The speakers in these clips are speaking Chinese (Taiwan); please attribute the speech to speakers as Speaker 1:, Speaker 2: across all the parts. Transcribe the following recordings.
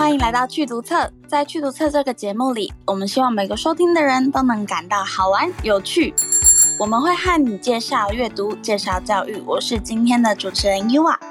Speaker 1: 歡迎來到趣讀冊，在趣讀冊這個節目裡，我們希望每個收聽的人都能感到好玩有趣。我們會和你介紹閱讀，介紹教育。我是今天的主持人伊娃。a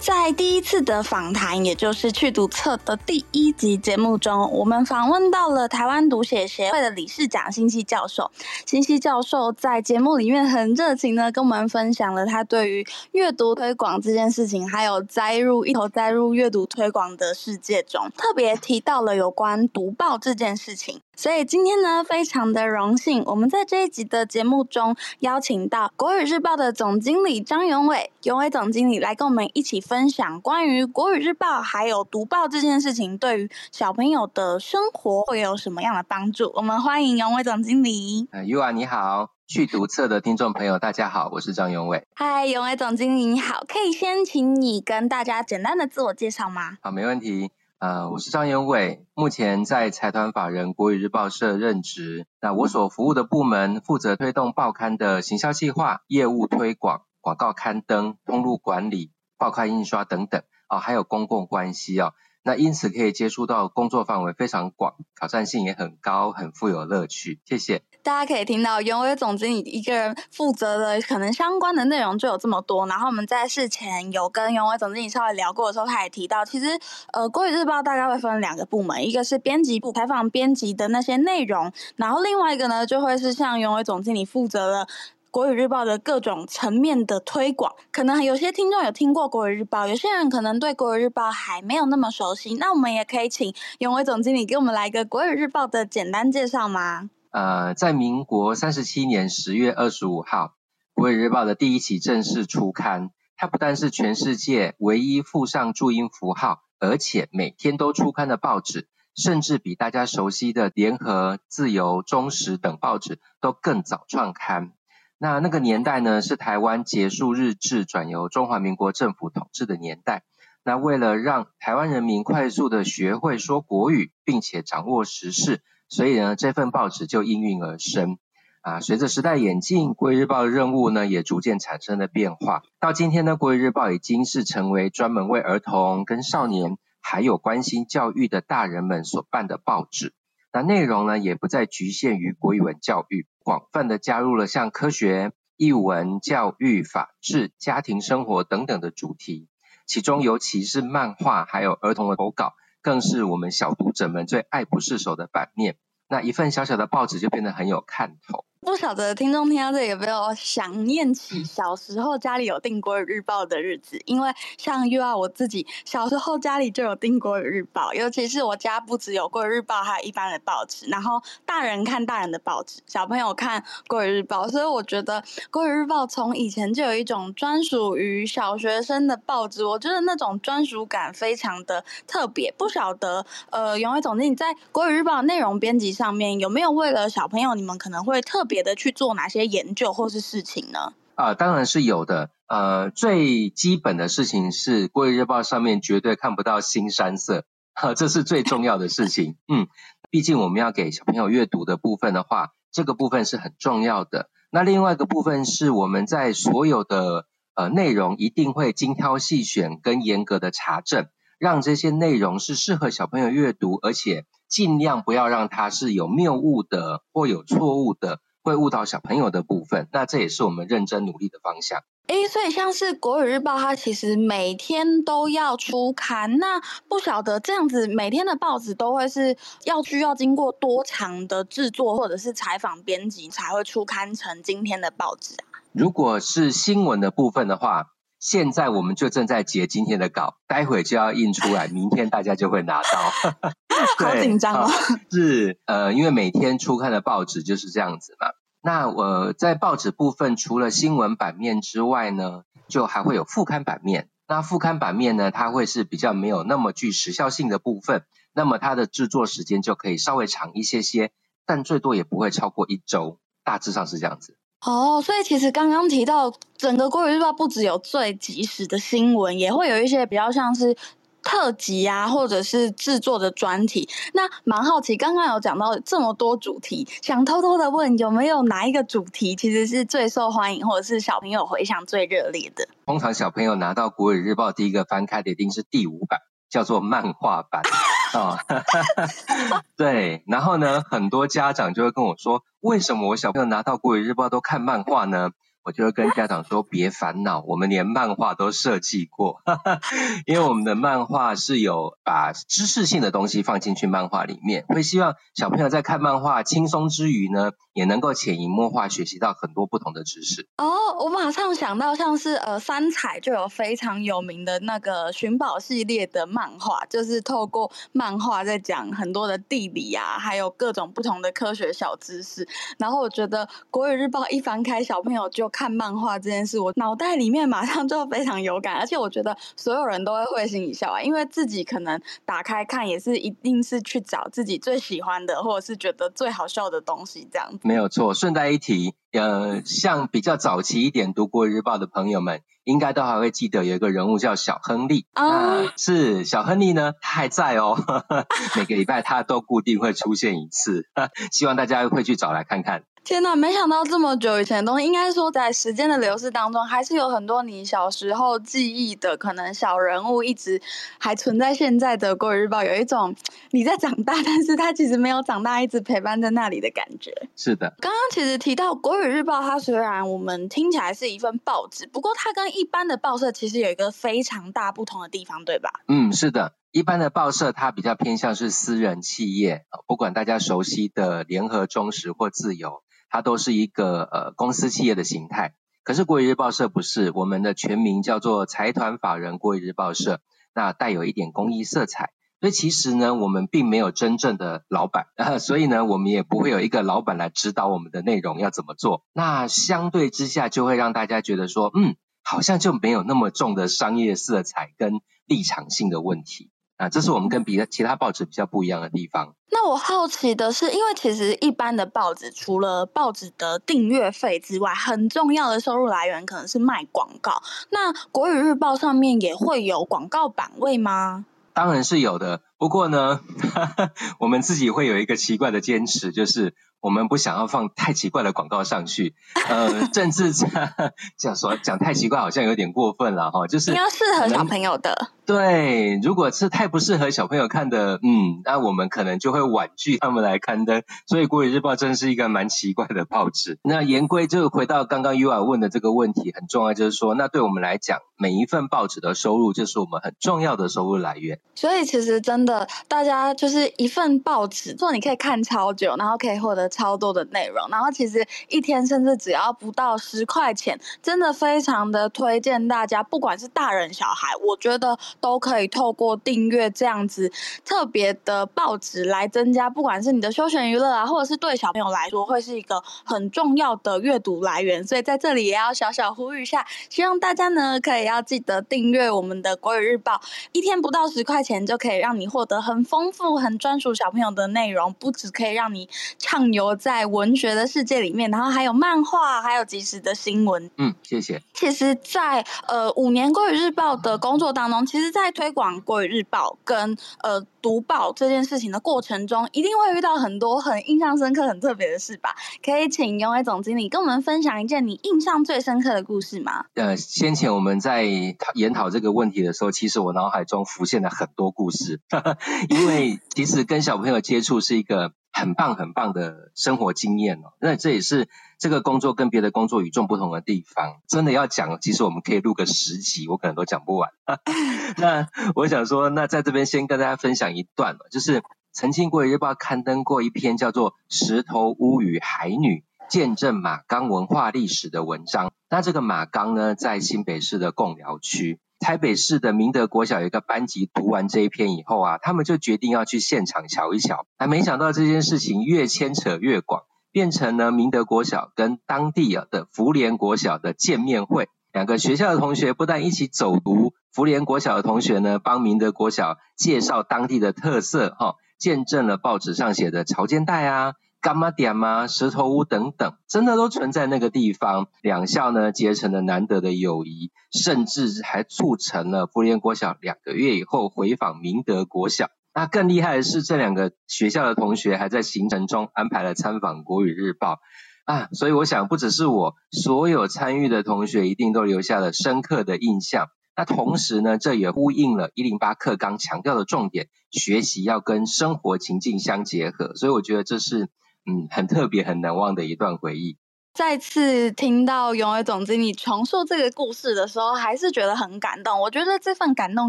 Speaker 1: 在第一次的訪談，也就是趣讀冊的第一集節目中，我們訪問到了台灣讀寫協會的理事長欣希教授。欣希教授在節目裡面很熱情的跟我們分享了他對於閱讀推廣這件事情，還有栽入一頭栽入閱讀推廣的世界中，特別提到了有關讀報這件事情。所以今天呢，非常的榮幸，我們在這一集的節目中邀請到國語日報的總經理張永瑋，永瑋總經理來跟我們一起分。分享關於國語日報還有讀報這件事情，對於小朋友的生活會有什麼樣的幫助？我們歡迎永瑋總經理。
Speaker 2: 余瓦你好，去讀冊的聽眾朋友大家好，我是張永瑋。
Speaker 1: 嗨，永瑋總經理你好，可以先請你跟大家簡單的自我介紹嗎？
Speaker 2: 好，沒問題。呃，我是張永瑋，目前在財團法人國語日報社任職。那我所服務的部門負責推動報刊的行銷計劃、業務推廣、廣告刊登、通路管理。報刊印刷等等啊、哦，還有公共關係啊、哦，那因此可以接觸到工作範圍非常廣，挑戰性也很高，很富有樂趣。謝謝
Speaker 1: 大家可以聽到永瑋總經理一個人負責的可能相關的內容就有這麼多。然後我們在事前有跟永瑋總經理稍微聊過的時候，他也提到，其實呃，《國語日報》大概會分兩個部門，一個是編輯部，開放編輯的那些內容，然後另外一個呢，就會是像永瑋總經理負責的。國語日報的各種層面的推廣，可能有些聽眾有聽過國語日報，有些人可能對國語日報還沒有那麼熟悉。那我們也可以請永瑋總經理給我們來一個國語日報的簡單介紹嗎？
Speaker 2: 呃，在民國三十七年十月二十五號，國語日報的第一期正式出刊。它不但是全世界唯一附上注音符號，而且每天都出刊的報紙，甚至比大家熟悉的《聯合》《自由》《中時》等報紙都更早創刊。那那個年代呢，是台灣結束日治，轉由中華民國政府統治的年代。那為了讓台灣人民快速地學會說國語，並且掌握時事，所以呢，這份報紙就應運而生。啊，隨着時代演進，《國語日報》的任務呢，也逐漸產生了變化。到今天呢，《國語日報》已經是成為專門為兒童跟少年，還有關心教育的大人們所辦的報紙。那內容呢，也不再局限於國語文教育。廣泛的加入了像科學、藝文、教育、法治、家庭生活等等的主題，其中尤其是漫畫還有兒童的投稿，更是我們小讀者們最愛不釋手的版面。那一份小小的報紙就變得很有看頭。
Speaker 1: 不曉得聽眾聽到這裡有沒有想念起小時候家裡有訂國語日報的日子？嗯、因為像 UR 我自己小時候家裡就有訂國語日報，尤其是我家不只有國語日報，還有一般的報紙。然後大人看大人的報紙，小朋友看國語日報，所以我覺得國語日報從以前就有一種專屬於小學生的報紙。我覺得那種專屬感非常的特別。不曉得呃，永瑋總經理在國語日報內容編輯上面有沒有為了小朋友，你們可能會特。別的去做哪些研究或
Speaker 2: 是事情呢？啊，當然是有的。呃，最基本的事情是《國語日報》上面絕對看不到腥羶色，哈、啊，這是最重要的事情。 嗯，畢竟我們要給小朋友閱讀的部分的話，這個部分是很重要的。那另外一個部分是我們在所有的呃內容一定會精挑細選跟嚴格的查證，讓這些內容是適合小朋友閱讀，而且盡量不要讓它是有謬誤的或有錯誤的。會誤導小朋友的部分，那這也是我們認真努力的方向。
Speaker 1: 哎、欸，所以像是《國語日報》它其實每天都要出刊，那不曉得這樣子每天的報紙都會是要需要經過多長的製作或者是採訪編輯才會出刊成今天的報紙啊？
Speaker 2: 如果是新聞的部分的話。現在我們就正在截今天的稿，待會就要印出來， 明天大家就會拿到。 好緊張哦！是，呃，因為每天出刊的報紙就是這樣子嘛。那我、呃、在報紙部分，除了新聞版面之外呢，就還會有副刊版面。那副刊版面呢，它會是比較沒有那麼具時效性的部分，那麼它的制作時間就可以稍微長一些些，但最多也不會超過一周，大致上是這樣子。
Speaker 1: 哦，所以其實剛剛提到整個《國語日報》不只有最即時的新聞，也會有一些比較像是特輯啊，或者是制作的專題。那蠻好奇，剛剛有講到這麼多主題，想偷偷的問，有沒有哪一個主題其實是最受歡迎，或者是小朋友回響最熱烈的？
Speaker 2: 通常小朋友拿到《國語日報》第一個翻開的一定是第五版，叫做漫畫版。啊啊、哦，哈哈哈，對，然後呢，很多家長就會跟我說，為什麼我小朋友拿到《國語日報》都看漫畫呢？我就會跟家長說：“別煩惱，我們連漫畫都設計過，哈哈，因為我們的漫畫是有把知識性的東西放進去漫畫裡面，會希望小朋友在看漫畫輕鬆之餘呢，也能夠潛移默化學習到很多不同的知識。”
Speaker 1: 哦，我馬上想到，像是呃三彩就有非常有名的那個尋寶系列的漫畫，就是透過漫畫在講很多的地理啊，還有各種不同的科學小知識。然後我覺得《國語日報》一翻開，小朋友就看。看漫畫這件事，我腦袋裡面馬上就非常有感，而且我覺得所有人都會會心一笑啊、欸，因為自己可能打開看也是一定是去找自己最喜歡的或者是覺得最好笑的東西這樣。沒
Speaker 2: 有錯，順帶一提，呃，像比較早期一點讀國語日報的朋友們，應該都還會記得有一個人物叫小亨利啊、嗯呃，是小亨利呢，他還在哦， 每個禮拜他都固定會出現一次，希望大家會去找來看看。
Speaker 1: 天哪，沒想到這麼久以前的東西，應該說在時間的流逝當中，還是有很多你小時候記憶的可能小人物，一直還存在現在的國語日報，有一種你在長大，但是他其實沒有長大，一直陪伴在那裡的感覺。是的，剛剛其實提到國語日報，它雖然我們聽起來是一份報紙，不過它跟一般的報社其實有一個非常大不同的地方，對吧？
Speaker 2: 嗯，是的，一般的報社它比較偏向是私人企業，不管大家熟悉的聯合、中時或自由。它都是一個呃公司企業的形態，可是國語日報社不是，我們的全名叫做財團法人國語日報社，那帶有一點公益色彩，所以其實呢，我們並沒有真正的老闆，呃，所以呢，我們也不會有一個老闆來指導我們的內容要怎麼做，那相對之下就會讓大家覺得說，嗯，好像就沒有那麼重的商業色彩跟立場性的問題。啊，這是我們跟別的其他報紙比較不一樣的地方。
Speaker 1: 那我好奇的是，因為其實一般的報紙除了報紙的訂閱費之外，很重要的收入來源可能是賣廣告。那《國語日報》上面也會有廣告版位嗎？
Speaker 2: 當然是有的。不過呢哈哈，我們自己會有一個奇怪的堅持，就是。我們不想要放太奇怪的廣告上去，呃，政治家， 講說講，講太奇怪，好像有點過分了哈、哦。就是你要適合小朋友的，對，如果是太不適合小朋友看的，嗯，那我們可能就會婉拒他們來刊登。所以《國語日報》真是一個蠻奇怪的報紙。那言歸，就回到剛剛 U R 問的這個問題，很重要，就是說，那對我們來講，每一份報紙的收入就是我們很重要的收入來源。
Speaker 1: 所以其實真的，大家就是一份報紙，就你可以看超久，然後可以獲得。超多的內容，然後其實一天甚至只要不到十塊錢，真的非常的推薦大家，不管是大人小孩，我覺得都可以透過訂閱這樣子特別的報紙來增加，不管是你的休閒娛樂啊，或者是對小朋友來說，會是一個很重要的閱讀來源。所以在這裡也要小小呼籲一下，希望大家呢可以要記得訂閱我們的國語日報，一天不到十塊錢就可以讓你獲得很豐富、很專屬小朋友的內容，不只可以讓你暢遊。留在文學的世界裡面，然後還有漫畫，還有即時的新聞。嗯，
Speaker 2: 謝謝。
Speaker 1: 其實在，在呃五年國語日報的工作當中，嗯、其實，在推廣國語日報跟呃讀報這件事情的過程中，一定會遇到很多很印象深刻、很特別的事吧？可以請永瑋總經理跟我們分享一件你印象最深刻的故事嗎？
Speaker 2: 呃，先前我們在研討這個問題的時候，其實我腦海中浮現了很多故事， 因為其實跟小朋友接觸是一個。很棒很棒的生活經驗哦，那這也是這個工作跟別的工作與眾不同的地方。真的要講，其實我們可以錄個十集，我可能都講不完。 那我想說，那在這邊先跟大家分享一段哦，就是曾經國語日報刊登過一篇叫做《石頭屋與海女：見證馬崗文化歷史》的文章。那這個馬崗呢，在新北市的貢寮區。台北市的明德國小有一個班級讀完這一篇以後啊，他們就決定要去現場瞧一瞧。還沒想到這件事情越牽扯越廣，變成了明德國小跟當地的福聯國小的見面會。兩個學校的同學不但一起走讀，福聯國小的同學呢，幫明德國小介紹當地的特色，哈、哦，見證了報紙上寫的潮間帶啊。幹嘛點嘛？石頭屋等等，真的都存在那個地方。兩校呢結成了難得的友誼，甚至還促成了福聯國小兩個月以後回訪明德國小。那更厲害的是，這兩個學校的同學還在行程中安排了參訪《國語日報》啊！所以我想，不只是我，所有參與的同學一定都留下了深刻的印象。那同時呢，這也呼應了一零八課綱強調的重點：學習要跟生活情境相結合。所以我覺得這是。嗯，很特別，很難忘的一段回憶。
Speaker 1: 再次聽到永瑋總經理重述這個故事的時候，還是覺得很感動。我覺得這份感動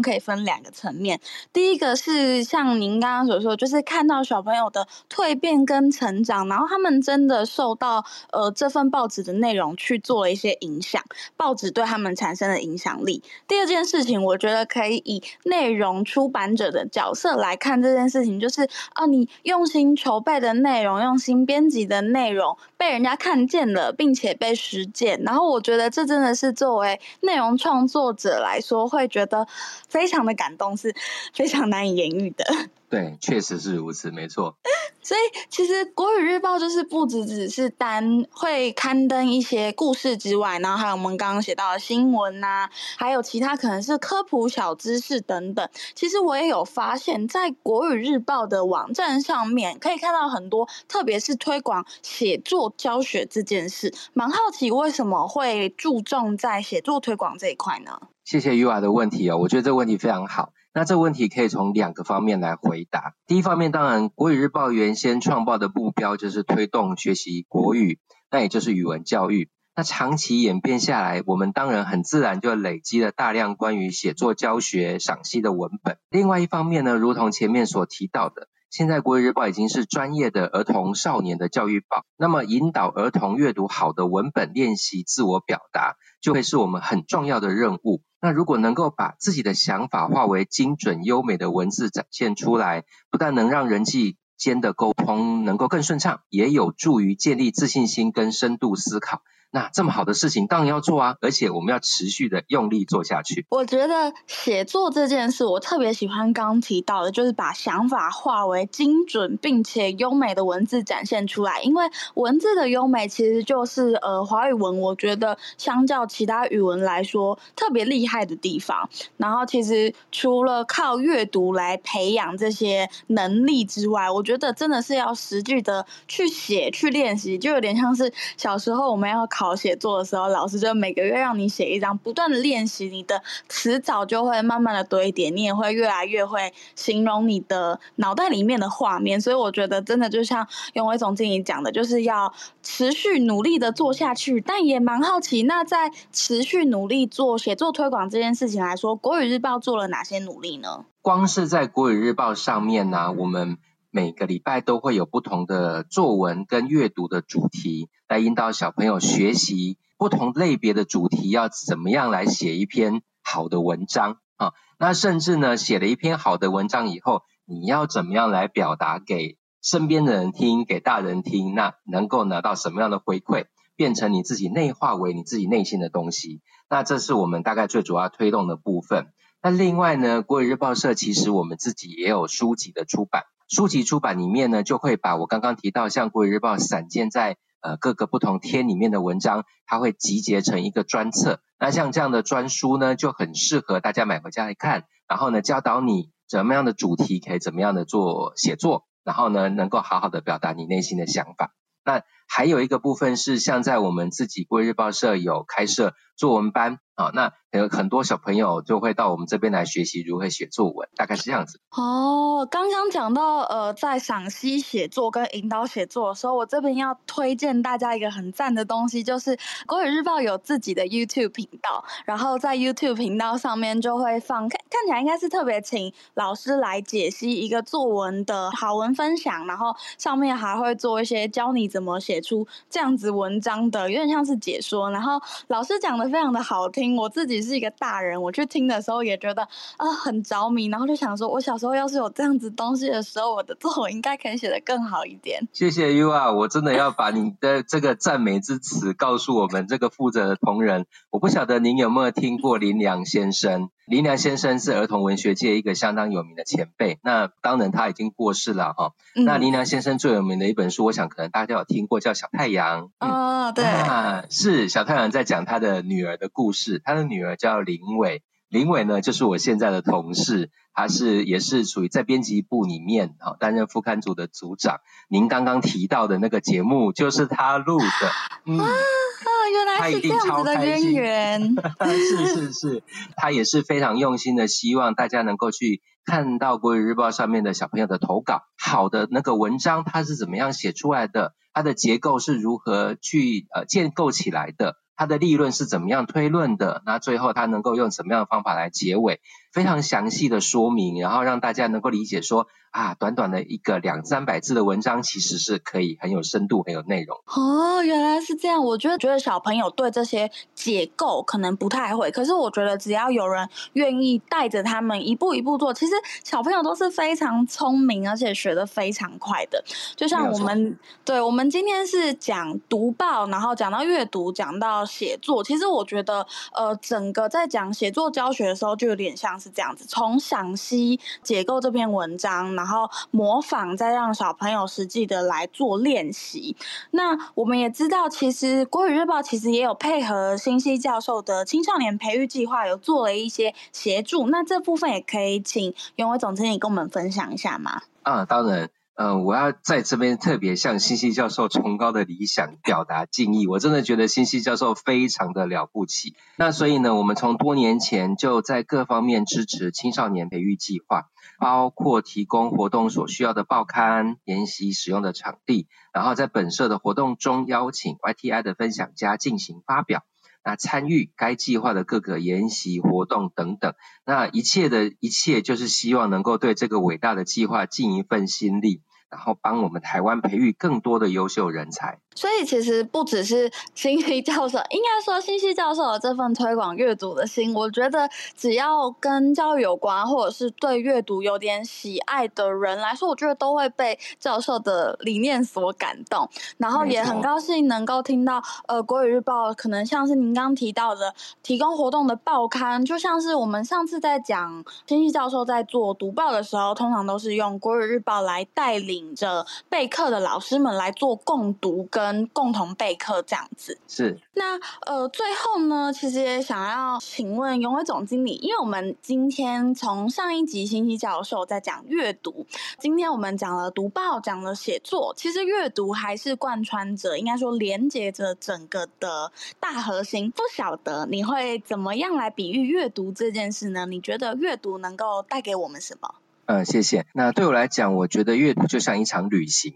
Speaker 1: 可以分兩個層面：第一個是像您剛剛所說，就是看到小朋友的蛻變跟成長，然後他們真的受到呃這份報紙的內容去做了一些影響，報紙對他們產生的影響力。第二件事情，我覺得可以以內容出版者的角色來看這件事情，就是啊，你用心籌備的內容，用心編輯的內容，被人家看見了，並且被實踐，然後我覺得這真的是作為內容創作者來說，會覺得非常的感動，是非常難以言喻的。
Speaker 2: 對，確實是如此，沒錯。
Speaker 1: 所以其實國語日報就是不只只是單會刊登一些故事之外，然後還有我們剛剛寫到的新聞吶、啊，還有其他可能是科普小知識等等。其實我也有發現在，在國語日報的網站上面，可以看到很多，特別是推廣寫作教學這件事。是，蠻好奇為什麼會注重在寫作推廣這一塊呢？
Speaker 2: 謝謝於娃的問題哦，我覺得這個問題非常好。那這個問題可以從兩個方面來回答。第一方面，當然國語日報原先創報的目標就是推動學習國語，那也就是語文教育。那長期演變下來，我們當然很自然就累積了大量關於寫作教學賞析的文本。另外一方面呢，如同前面所提到的，現在《國語日報》已經是專業的兒童少年的教育報，那麼引導兒童閱讀好的文本，練習自我表達，就會是我們很重要的任務。那如果能夠把自己的想法化為精準優美的文字展現出來，不但能讓人際間的溝通能夠更順暢，也有助於建立自信心跟深度思考。那這麼好的事情，當然要做啊！而且我們要持續的用力做下去。我
Speaker 1: 覺得寫作這件事，我特別喜歡剛提到的，就是把想法化為精準並且優美的文字展現出來。因為文字的優美，其實就是呃華語文，我覺得相較其他語文來說特別厲害的地方。然後，其實除了靠閱讀來培養這些能力之外，我覺得真的是要實際的去寫去練習，就有點像是小時候我們要考。好寫作的時候，老師就每個月讓你寫一張，不斷的練習，你的詞藻就會慢慢的多一點，你也會越來越會形容你的腦袋裡面的畫面。所以我覺得真的就像永瑋總經理講的，就是要持續努力的做下去。但也蠻好奇，那在持續努力做寫作推廣這件事情來說，國語日報做了哪些努力呢？
Speaker 2: 光是在國語日報上面呢、啊，我們。每個禮拜都會有不同的作文跟閱讀的主題，來引導小朋友學習不同類別的主題要怎麼樣來寫一篇好的文章啊。那甚至呢，寫了一篇好的文章以後，你要怎麼樣來表達給身邊的人聽，給大人聽，那能夠拿到什麼樣的回饋，變成你自己內化為你自己內心的東西。那這是我們大概最主要推動的部分。那另外呢，國語日報社其實我們自己也有書籍的出版。書籍出版裡面呢，就會把我剛剛提到像《國語日報》散、呃散見在呃各個不同天裡面的文章，它會集結成一個專冊。那像這樣的專書呢，就很適合大家買回家來看。然後呢，教導你怎麼樣的主題可以怎麼樣的做寫作，然後呢，能夠好好的表達你內心的想法。那。還有一個部分是，像在我們自己《國語日報》社有開設作文班啊，那有很多小朋友就會到我們這邊來學習如何寫作文，大概是這樣子。
Speaker 1: 哦，剛剛講到呃，在賞析寫作跟引導寫作的時候，我這邊要推薦大家一個很讚的東西，就是《國語日報》有自己的 YouTube 頻道，然後在 YouTube 頻道上面就會放看看起來應該是特別請老師來解析一個作文的好文分享，然後上面還會做一些教你怎麼寫。出這樣子文章的，有點像是解說。然後老師講的非常的好聽，我自己是一個大人，我去聽的時候也覺得啊、呃、很着迷，然後就想說，我小時候要是有這樣子東西的時候，我的作文應該可以寫得更好一點。
Speaker 2: 謝謝 Yu 啊，我真的要把你的這個讚美之詞 告訴我們這個負責的同仁。我不曉得您有沒有聽過林良先生，嗯、林良先生是兒童文學界一個相當有名的前輩。那當然他已經過世了哈。嗯、那林良先生最有名的一本書，我想可能大家有聽過叫。小太陽、嗯 oh, 對啊，對，是小太陽在講他的女兒的故事。他的女兒叫林偉，林偉呢就是我現在的同事，他是也是屬於在編輯部裡面哦、擔任副刊組的組長。您剛剛提到的那個節目就是他錄的，嗯。
Speaker 1: 原來是，他一定超開心，
Speaker 2: 是 是是，是是 他也是非常用心的，希望大家能夠去看到《國語日報》上面的小朋友的投稿，好的那個文章，它是怎麼樣寫出來的，它的結構是如何去呃建構起來的，它的立論是怎麼樣推論的，那最後它能夠用什麼樣的方法來結尾。非常詳細的說明，然後讓大家能夠理解說。說啊，短短的一個兩三百字的文章，其實是可以很有深度、很有內容。
Speaker 1: 哦，原來是這樣。我覺得，覺得小朋友對這些解構可能不太會，可是我覺得只要有人願意帶着他們一步一步做，其實小朋友都是非常聰明，而且學得非常快的。就像我們，對，我們今天是講讀報，然後講到閱讀，講到寫作。其實我覺得，呃，整個在講寫作教學的時候，就有點像。是這樣子，從賞析、解構這篇文章，然後模仿，再讓小朋友實際的來做練習。那我們也知道，其實國語日報其實也有配合欣希教授的青少年培育計劃，有做了一些協助。那這部分也可以請永瑋總經理跟我們分享一下嗎？
Speaker 2: 啊，當然。嗯，我要在這邊特別向欣希教授崇高的理想表達敬意。我真的覺得欣希教授非常的了不起。那所以呢，我們從多年前就在各方面支持青少年培育計劃，包括提供活動所需要的報刊、研習使用的場地，然後在本社的活動中邀請 YTI 的分享家進行發表。那參與該計劃的各個研習活動等等，那一切的一切就是希望能夠對這個偉大的計劃盡一份心力，然後幫我們台灣培育更多的優秀人才。
Speaker 1: 所以其實不只是欣希教授，應該說欣希教授的這份推廣閱讀的心，我覺得只要跟教育有關，或者是對閱讀有點喜愛的人來說，我覺得都會被教授的理念所感動。然後也很高興能夠聽到，呃，國語日報可能像是您剛提到的，提供活動的報刊，就像是我們上次在講欣希教授在做讀報的時候，通常都是用國語日報來帶領着備課的老師們來做共讀。跟共同備課這樣子是。那呃，最後呢，其實也想要請問永瑋總經理，因為我們今天從上一集欣希教授在講閱讀，今天我們講了讀報，講了寫作，其實閱讀還是貫穿着，應該說連接着整個的大核心。不曉得你會怎麼樣來比喻閱讀這件事呢？你覺得閱讀能夠帶給我們什麼？
Speaker 2: 嗯、呃，謝謝。那對我來講，我覺得閱讀就像一場旅行。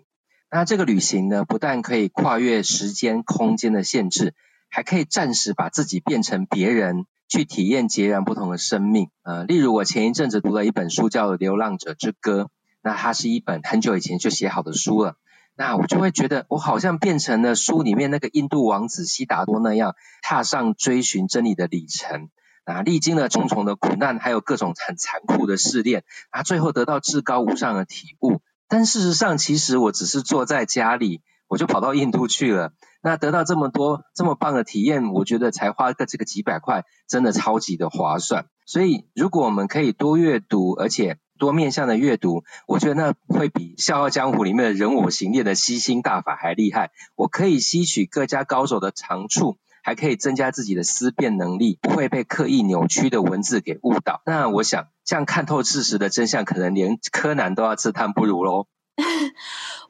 Speaker 2: 那這個旅行呢，不但可以跨越時間、空間的限制，還可以暫時把自己變成別人，去體驗截然不同的生命。呃，例如我前一陣子讀了一本書，叫《流浪者之歌》，那它是一本很久以前就寫好的書了。那我就會覺得，我好像變成了書裡面那個印度王子悉達多那樣，踏上追尋真理的旅程啊，歷經了重重的苦難，還有各種很殘酷的試煉啊，然後最後得到至高無上的體悟。但事實上，其實我只是坐在家裡，我就跑到印度去了。那得到這麼多這麼棒的體驗，我覺得才花個這個幾百塊，真的超級的划算。所以，如果我們可以多閱讀，而且多面向的閱讀，我覺得那會比《笑傲江湖》裡面的任我行練的吸星大法還厲害。我可以吸取各家高手的長處。還可以增加自己的思辨能力，不會被刻意扭曲的文字給誤導。那我想，這樣看透事實的真相，可能連柯南都要自嘆不如嘍。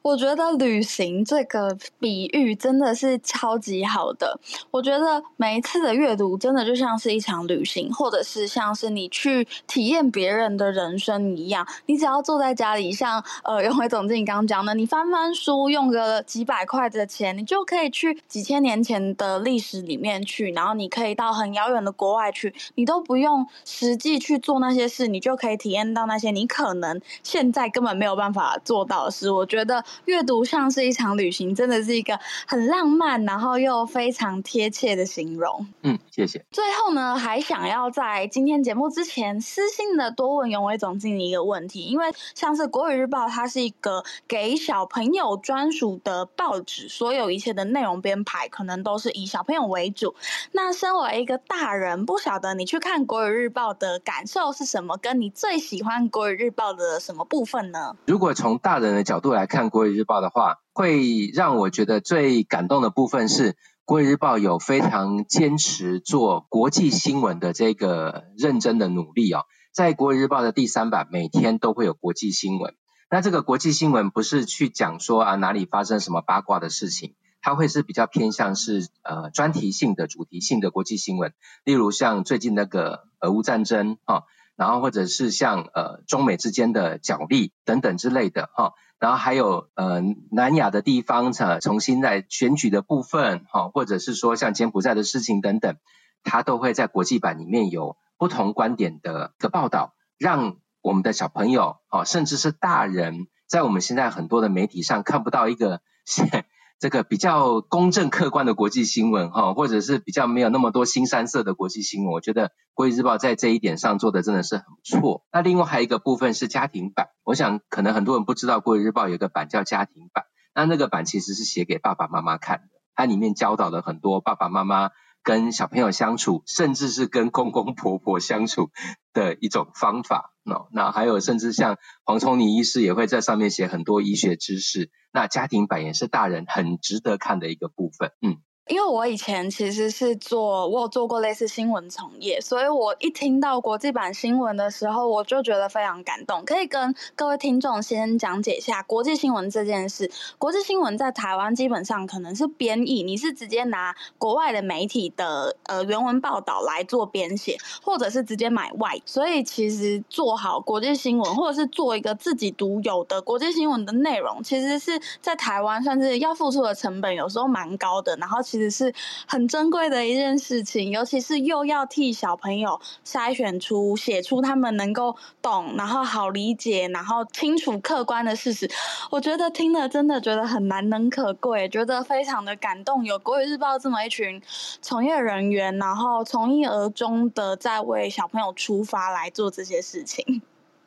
Speaker 1: 我覺得旅行這個比喻真的是超級好的。我覺得每一次的閱讀，真的就像是一場旅行，或者是像是你去體驗別人的人生一樣。你只要坐在家裡，像呃，永瑋總經理剛剛講的，你翻翻書，用個幾百塊的錢，你就可以去幾千年前的歷史裡面去，然後你可以到很遙遠的國外去，你都不用實際去做那些事，你就可以體驗到那些你可能現在根本沒有辦法做到的事。我覺得。閱讀像是一場旅行，真的是一個很浪漫，然後又非常貼切的形容。
Speaker 2: 嗯，謝謝。
Speaker 1: 最後呢，還想要在今天節目之前私心的多問永瑋總經理一個問題，因為像是國語日報，它是一個給小朋友專屬的報紙，所有一切的內容編排可能都是以小朋友為主。那身為一個大人，不曉得你去看國語日報的感受是什麼，跟你最喜歡國語日報的什麼部分呢？
Speaker 2: 如果從大人的角度來看國，《國語日報》的話，會讓我覺得最感動的部分是，《國語日報》有非常堅持做國際新聞的這個認真的努力哦，在《國語日報》的第三版，每天都會有國際新聞。那這個國際新聞不是去講說啊哪裡發生什麼八卦的事情，它會是比較偏向是呃專題性的、主題性的國際新聞，例如像最近那個俄烏戰爭啊、哦，然後或者是像呃中美之間的角力等等之類的哈。哦然後還有呃南亞的地方，呃重新在選舉的部分，哈、哦，或者是說像柬埔寨的事情等等，它都會在國際版裡面有不同觀點的的報道，讓我們的小朋友，哦，甚至是大人，在我們現在很多的媒體上看不到一個，現這個比較公正客觀的國際新聞哈，或者是比較沒有那麼多腥羶色的國際新聞，我覺得《國語日報》在這一點上做的真的是很不錯。那另外還有一個部分是家庭版，我想可能很多人不知道《國語日報》有一個版叫家庭版，那那個版其實是寫給爸爸媽媽看的，它裡面教導了很多爸爸媽媽跟小朋友相處，甚至是跟公公婆婆相處的一種方法。.那、no, 那還有甚至像黃瑽寧醫師也會在上面寫很多醫學知識，那家庭版也是大人很值得看的一個部分，嗯。
Speaker 1: 因為我以前其實是做，我有做過類似新聞從業，所以我一聽到國際版新聞的時候，我就覺得非常感動。可以跟各位聽眾先講解一下國際新聞這件事。國際新聞在台灣基本上可能是編譯，你是直接拿國外的媒體的呃原文報道來做編寫，或者是直接買外。所以其實做好國際新聞，或者是做一個自己獨有的國際新聞的內容，其實是在台灣算是要付出的成本有時候蠻高的。然後其實其實是很珍貴的一件事情，尤其是又要替小朋友篩選出、寫出他們能夠懂、然後好理解、然後清楚客觀的事實。我覺得聽了真的覺得很難能可貴，覺得非常的感動。有《國語日報》這麼一群從業人員，然後從一而終的在為小朋友出發來做這些事情。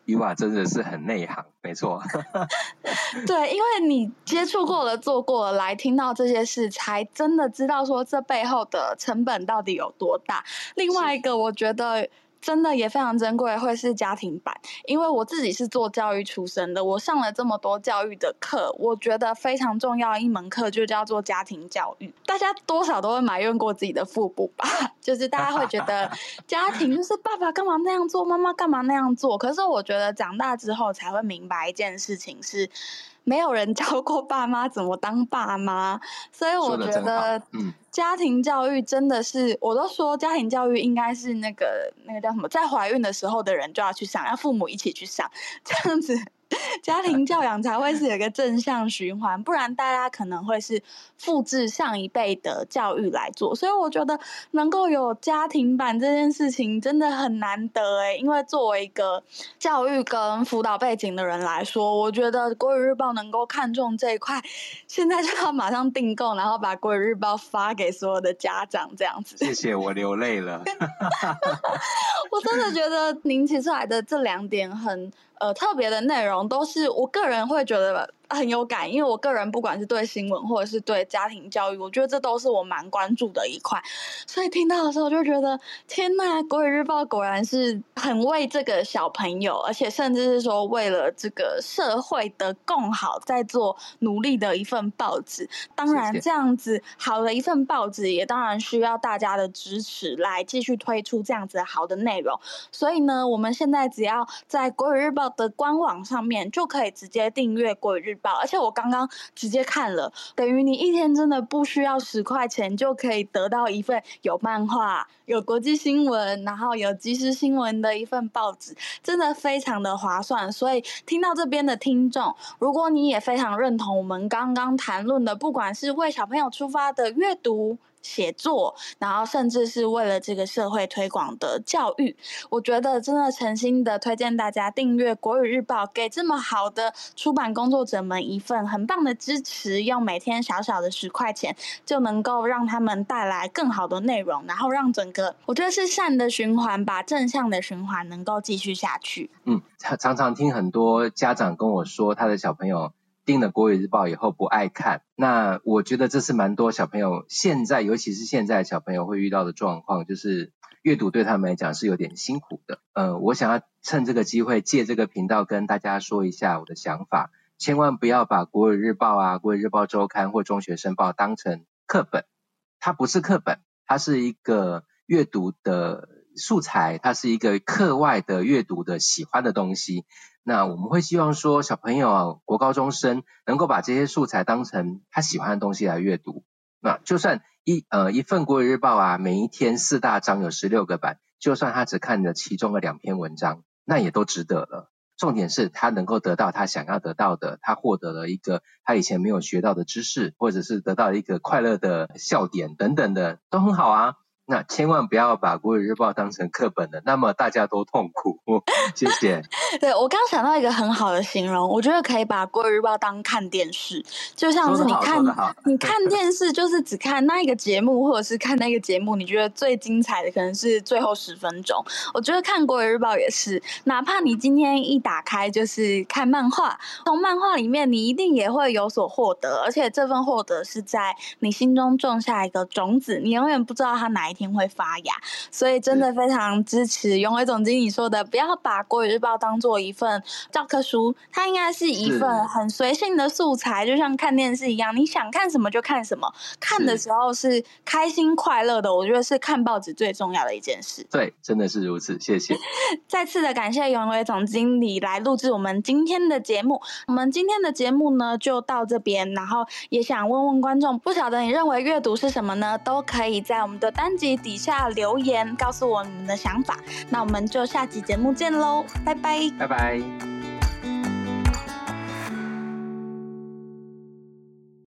Speaker 2: 伊娃真的是很內行，沒錯。
Speaker 1: 對，因為你接觸過了、做過了來、聽到這些事，才真的知道說這背後的成本到底有多大。另外一個，我覺得。真的也非常珍貴，會是家庭版，因為我自己是做教育出身的，我上了這麼多教育的課，我覺得非常重要一門課就叫做家庭教育。大家多少都會埋怨過自己的父母吧，就是大家會覺得家庭就是爸爸幹嘛那樣做，媽媽幹嘛那樣做。可是我覺得長大之後才會明白一件事情是。沒有人教過爸媽怎麼當爸媽，所以我覺得家庭教育真的是，嗯、我都說家庭教育應該是那個那個叫什麼，在懷孕的時候的人就要去上，要父母一起去上，這樣子。 家庭教養才會是有一個正向循環，不然大家可能會是複製上一輩的教育來做。所以我覺得能夠有家庭版這件事情真的很難得哎，因為作為一個教育跟輔導背景的人來說，我覺得《國語日報》能夠看重這一塊，現在就要馬上訂購，然後把《國語日報》發給所有的家長這樣子。
Speaker 2: 謝謝，我流淚了。
Speaker 1: 我真的覺得您提出來的這兩點很。呃，特別的內容都是我個人會覺得吧，很有感，因為我個人不管是對新聞或者是對家庭教育，我覺得這都是我蠻關注的一塊。所以聽到的時候，就覺得天吶，國語日報果然是很為這個小朋友，而且甚至是說為了這個社會的更好，在做努力的一份報紙。當然，謝謝，這樣子好的一份報紙，也當然需要大家的支持來繼續推出這樣子好的內容。所以呢，我們現在只要在國語日報的官網上面，就可以直接訂閱國語日報。而且我剛剛直接看了，等於你一天真的不需要十塊錢就可以得到一份有漫畫、有國際新聞、然後有即時新聞的一份報紙，真的非常的划算。所以聽到這邊的聽眾，如果你也非常認同我們剛剛談論的，不管是為小朋友出發的閱讀。寫作，然後甚至是為了這個社會推廣的教育，我覺得真的誠心的推薦大家訂閱《國語日報》，給這麼好的出版工作者們一份很棒的支持，用每天小小的十塊錢就能夠讓他們帶來更好的內容，然後讓整個我覺得是善的循環，把正向的循環能夠繼續下去。
Speaker 2: 嗯，常常常聽很多家長跟我說，他的小朋友。訂了《國語日報》以後不愛看，那我覺得這是蠻多小朋友現在，尤其是現在小朋友會遇到的狀況，就是閱讀對他們來講是有點辛苦的。呃，我想要趁這個機會借這個頻道跟大家說一下我的想法，千萬不要把《國語日報》啊、《國語日報週刊》或《中學生報》當成課本，它不是課本，它是一個閱讀的素材，它是一個課外的閱讀的喜歡的東西。那我們會希望說，小朋友啊，國高中生能夠把這些素材當成他喜歡的東西來閱讀。那就算一呃一份國語日報啊，每一天四大章有十六個版，就算他只看了其中的兩篇文章，那也都值得了。重點是他能夠得到他想要得到的，他獲得了一個他以前沒有學到的知識，或者是得到一個快樂的笑點等等的，都很好啊。那千萬不要把《國語日報》當成課本了，那麼大家都痛苦。哦，謝
Speaker 1: 謝。 對，我剛想到一個很好的形容，我覺得可以把《國語日報》當看電視，就像是你看 你看電視，就是只看那一個節目，或者是看那個節目你覺得最精彩的可能是最後十分鐘。我覺得看《國語日報》也是，哪怕你今天一打開就是看漫畫，從漫畫裡面你一定也會有所獲得，而且這份獲得是在你心中種下一個種子，你永遠不知道它哪一天。會發芽，所以真的非常支持永瑋總經理說的，不要把《國語日報》當做一份教科書，它應該是一份很隨性的素材，是就像看電視一樣，你想看什麼就看什麼，是看的時候是開心快樂的。我覺得是看報紙最重要的一件事。
Speaker 2: 對，真的是如此。謝謝，
Speaker 1: 再次的感謝永瑋總經理來錄製我們今天的節目。我們今天的節目呢，就到這邊，然後也想問問觀眾，不曉得你認為閱讀是什麼呢？都可以在我們的單集。底下留言告訴我你們的想法，那我們就下期節目見嘍，拜拜，拜拜。